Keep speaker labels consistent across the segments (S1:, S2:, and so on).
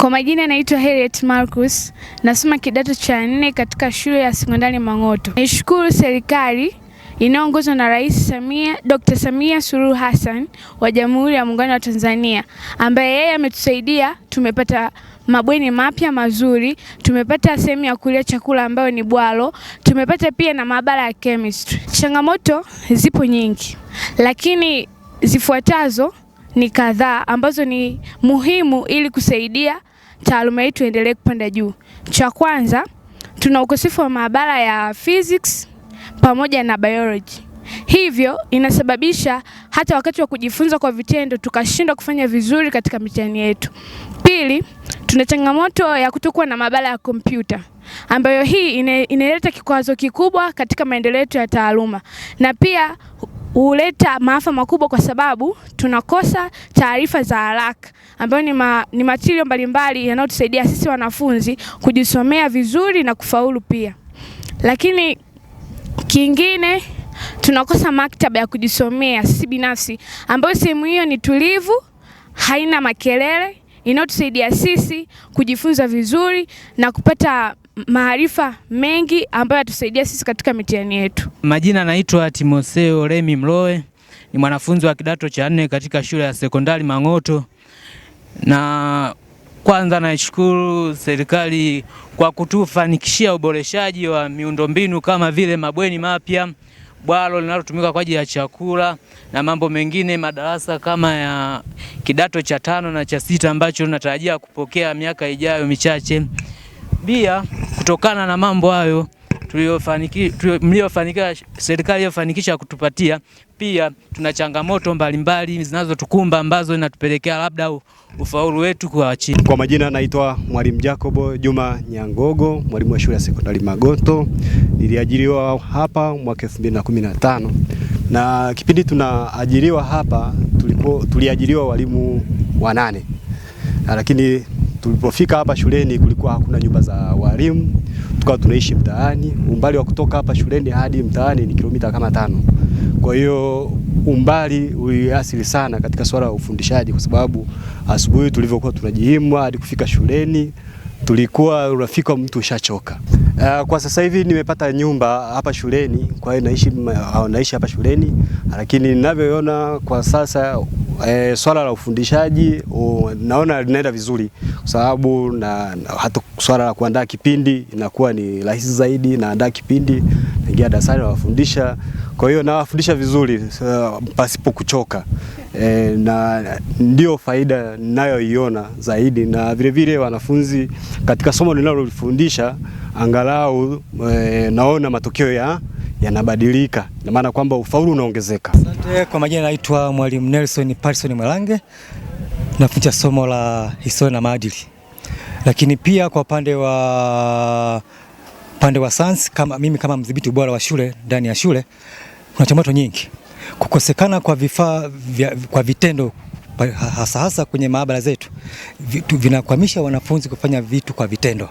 S1: Kwa majina naitwa Harriet Marcus, nasoma kidato cha nne katika shule ya sekondari Mang'oto. Nishukuru serikali inayoongozwa na Rais Samia, Dr. Samia Suluhu Hassan wa Jamhuri ya Muungano wa Tanzania ambaye yeye ametusaidia, tumepata mabweni mapya mazuri, tumepata sehemu ya kulia chakula ambayo ni bwalo, tumepata pia na maabara ya chemistry. Changamoto zipo nyingi, lakini zifuatazo ni kadhaa ambazo ni muhimu ili kusaidia taaluma yetu endelee kupanda juu. Cha kwanza, tuna ukosefu wa maabara ya physics pamoja na biology, hivyo inasababisha hata wakati wa kujifunza kwa vitendo tukashindwa kufanya vizuri katika mitihani yetu. Pili, tuna changamoto ya kutokuwa na maabara ya kompyuta ambayo hii inaleta kikwazo kikubwa katika maendeleo yetu ya taaluma na pia huleta maafa makubwa kwa sababu tunakosa taarifa za haraka ambayo ni, ma, ni matirio mbalimbali yanayotusaidia sisi wanafunzi kujisomea vizuri na kufaulu pia. Lakini kingine tunakosa maktaba ya kujisomea sisi binafsi ambayo sehemu hiyo ni tulivu, haina makelele, inayotusaidia sisi kujifunza vizuri na kupata maarifa mengi ambayo yatusaidia sisi katika mitihani yetu.
S2: Majina anaitwa Timotheo Remi Mloe, ni mwanafunzi wa kidato cha nne katika shule ya sekondari Mang'oto, na kwanza naishukuru serikali kwa kutufanikishia uboreshaji wa miundombinu kama vile mabweni mapya, bwalo linalotumika kwa ajili ya chakula na mambo mengine, madarasa kama ya kidato cha tano na cha sita ambacho natarajia kupokea miaka ijayo michache pia kutokana na mambo hayo mliyofanikiwa serikali iliyofanikisha kutupatia, pia tuna changamoto mbalimbali zinazotukumba ambazo zinatupelekea labda ufaulu wetu kwa chini.
S3: Kwa majina naitwa Mwalimu Jacobo Juma Nyangogo, mwalimu wa shule ya sekondari Magoto. Niliajiriwa hapa mwaka 2015 na kipindi tunaajiriwa hapa tulipo, tuliajiriwa walimu wanane lakini Tulipofika hapa shuleni kulikuwa hakuna nyumba za walimu, tukawa tunaishi mtaani. Umbali wa kutoka hapa shuleni hadi mtaani ni kilomita kama tano. Kwa hiyo umbali uliathiri sana katika swala la ufundishaji, kwa sababu asubuhi tulivyokuwa tunajihimwa hadi kufika shuleni tulikuwa unafika mtu ushachoka. Uh, kwa sasa hivi nimepata nyumba hapa shuleni, kwa hiyo naishi naishi hapa shuleni, lakini ninavyoona kwa sasa e, swala la ufundishaji o, naona linaenda vizuri kwa sababu na, na, hata swala la kuandaa kipindi inakuwa ni rahisi zaidi. Naandaa kipindi, naingia darasani, nawafundisha. Kwa hiyo nawafundisha vizuri eh, pasipo kuchoka e, na ndio faida ninayoiona zaidi, na vilevile wanafunzi katika somo linalofundisha angalau e, naona matokeo ya yanabadilika, na maana kwamba ufaulu unaongezeka.
S4: Asante. Kwa majina naitwa Mwalimu Nelson Parson Mwalange, nafundisha somo la historia na maadili, lakini pia kwa upande wa upande wa sayansi, kama mimi kama mdhibiti ubora wa shule ndani ya shule, kuna changamoto nyingi, kukosekana kwa vifaa kwa vitendo hasa hasa kwenye maabara zetu vinakwamisha wanafunzi kufanya vitu kwa vitendo.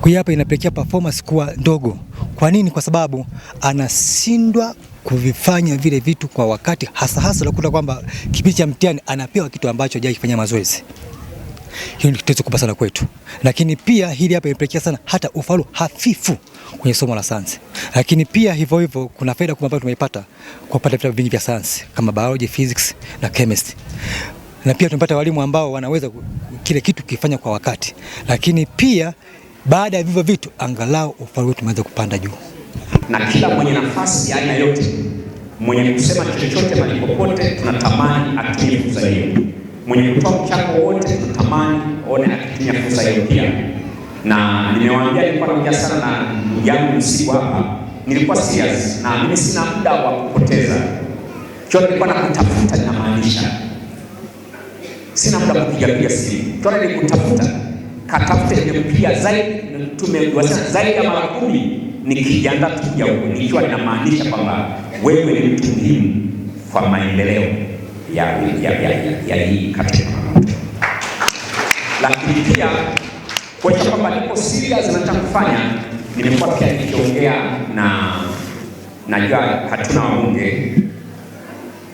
S4: Kwa hiyo hapa inapelekea performance kuwa ndogo. Kwa nini? Kwa sababu anashindwa kuvifanya vile vitu kwa wakati, hasa hasa unakuta kwamba kipindi cha mtihani anapewa kitu ambacho hajawahi kufanya mazoezi. Hiyo ni tatizo kubwa sana kwetu, lakini pia hili hapa imepelekea sana hata ufaulu hafifu kwenye somo la sayansi. Lakini pia hivyo hivyo kuna faida kubwa ambayo tumeipata kwa kupata vitabu vingi vya sayansi kama biology, physics na chemistry, na pia tumepata walimu ambao wanaweza kile kitu kifanya kwa wakati, lakini pia baada ya vivyo vitu, angalau ufalme wetu umeweza kupanda juu,
S5: na kila mwenye nafasi ya aina yote, mwenye kusema chochote mahali popote, tunatamani atumie fursa hiyo. Mwenye kutoa mchango wote, tunatamani aone akitumia fursa hiyo pia. Na nimewaambia nilikuwa naongea sana na ndugu yangu msiku hapa, nilikuwa serious na mimi sina muda wa kupoteza. Chote nilikuwa nakutafuta, ninamaanisha sina muda kupiga piga simu, chote nikutafuta katafute mpya zaidi mtume wasema zaidi ya mara kumi, nikijiandaa kuja huko nikiwa ninamaanisha kwamba wewe ni mtu muhimu kwa maendeleo ya ya ya hii katika lakini pia kuonyesha kwamba niko serious nataka kufanya. Nimekuwa pia nikiongea na najua hatuna wabunge,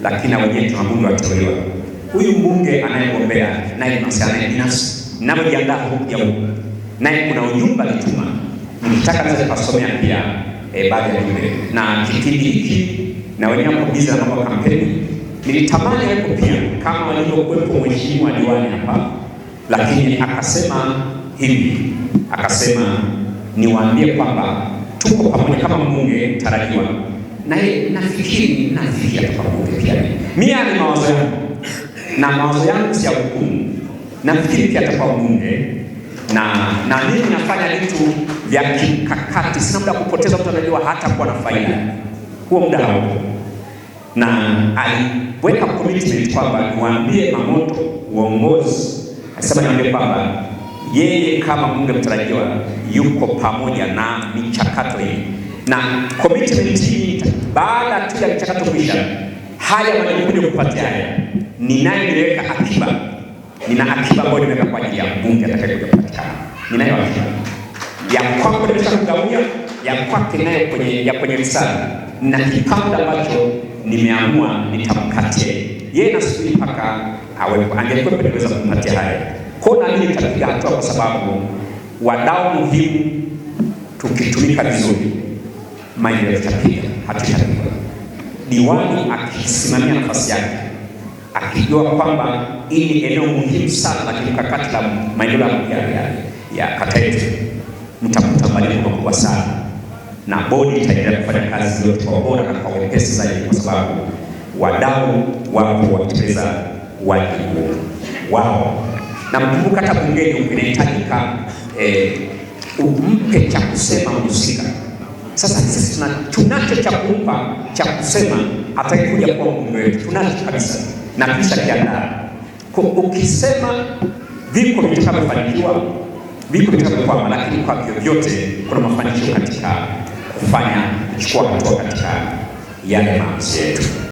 S5: lakini na wenyewe tuna wabunge wateuliwa. Huyu mbunge anayegombea naye ni binafsi ninapojiandaa kuja huku, naye kuna ujumbe alituma, nilitaka niweze kusomea pia e, baadhi ya ujumbe na kipindi hiki na wenyewe hapo biza na mambo ya kampeni, nilitamani hapo pia kama walivyokuwepo mheshimiwa diwani hapa, lakini akasema hivi, akasema niwaambie kwamba tuko pamoja kama mbunge tarajiwa naye nafikiri nafikia pamoja pia. Mimi ni mawazo yangu na mawazo yangu si ya hukumu nafikiri pia atakuwa mbunge na na nini, nafanya vitu vya kimkakati, sina muda kupoteza. Mtu anajua hata kuwa na faida huo muda hauko, na aliweka commitment kwamba niwaambie Mamoto uongozi, asema niambie kwamba yeye kama mbunge mtarajiwa yuko pamoja na michakato hii na commitment hii. Baada tu ya michakato kuisha, haya manikuja kupatia haya, ni nani niweka akiba nina akiba ambayo nimeweka kwa ajili ya mbunge atakayekuja kupatikana. Ninayo akiba ya kwako, nimesha kugawia ya kwake nayo kwenye ya kwenye risala na kipande ambacho nimeamua nitamkatia yeye, nasubiri mpaka awepo. Angekuwepo niweza kumpatia haya kwao, na nitapiga hatua, kwa sababu wadau muhimu tukitumika vizuri, maendeleo tutapiga hatutapiga. Diwani akisimamia nafasi yake akijua kwamba hii ni eneo muhimu sana la kimkakati la maendeleo ya, ya, ya kata yetu, mtakuta mabadiliko makubwa sana, na bodi itaendelea kufanya kazi yote kwa ubora na kwa wepesi zaidi, kwa sababu wadau wapo watekeleza wajibu wao. Na mkumbuka hata bungeni inahitajika eh, umpe cha kusema mhusika. Sasa sisi tunacho cha kumpa cha kusema, atakuja kuwa mbunge wetu, tunacho kabisa na kisha kiandaa. Ukisema viko vitakavyofanikiwa, viko vitakavyokwama, lakini kwa vyovyote kuna mafanikio katika kufanya kuchukua hatua katika yale maamuzi yetu.